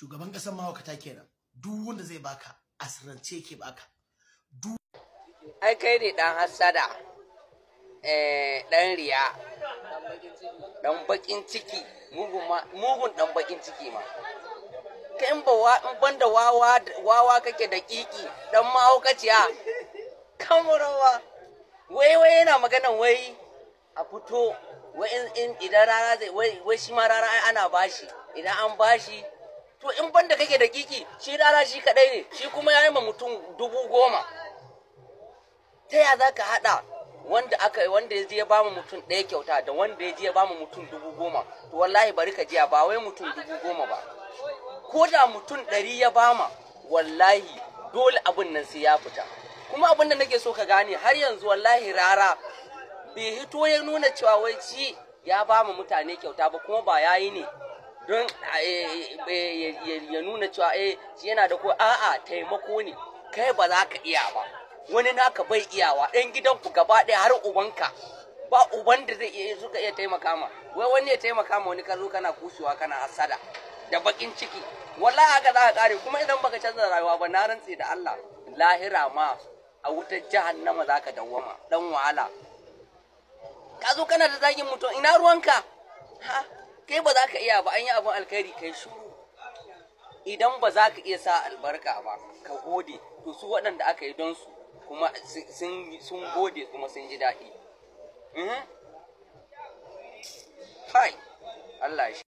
shugaban ƙasar mawakata kenan duk wanda zai baka asirance ke baka duk ai kai ne dan hassada eh dan riya dan bakin ciki mugun ma mugun dan bakin ciki ma kai in ba in banda wawa wawa kake da kiki dan mahaukaciya kamurawa wai wai yana magana wai a fito wai in idan rara zai wai shi ma rara ana bashi idan an bashi to in banda kake da kiki shi rana shi kadai ne shi kuma ya yi ma mutum dubu goma ta ya za ka haɗa wanda aka wanda ya je ya bamu mutum ɗaya kyauta da wanda ya je ya bamu mutum dubu goma to wallahi bari ka jiya ba wai mutum dubu goma ba ko da mutum ɗari ya bama wallahi dole abin nan sai ya fita kuma abin da nake so ka gane har yanzu wallahi rara bai hito ya nuna cewa wai ci ya bamu mutane kyauta ba kuma ba yayi ne don eh, eh, eh, ya nuna cewa eh yana da ko a'a taimako ne kai ba za ka iya ba wani naka bai iyawa ɗan gidanku gaba ɗaya har ubanka ba uban da zai iya suka iya taimaka ma wai wani ya taimaka ma wani ka zo kana kushewa kana hasada da bakin ciki wallahi haka za ka kare kuma idan baka canza rayuwa ba na rantse da Allah lahira ma a wutar jahannama za ka dawwama dan wahala ka zo kana da zagin mutum ina ruwanka kai ba za ka iya ba an yi abin alkhairi kai shuru idan ba za ka iya sa albarka ba ka gode to su waɗanda aka yi don su kuma sun gode kuma sun ji daɗi mhm. Allah shi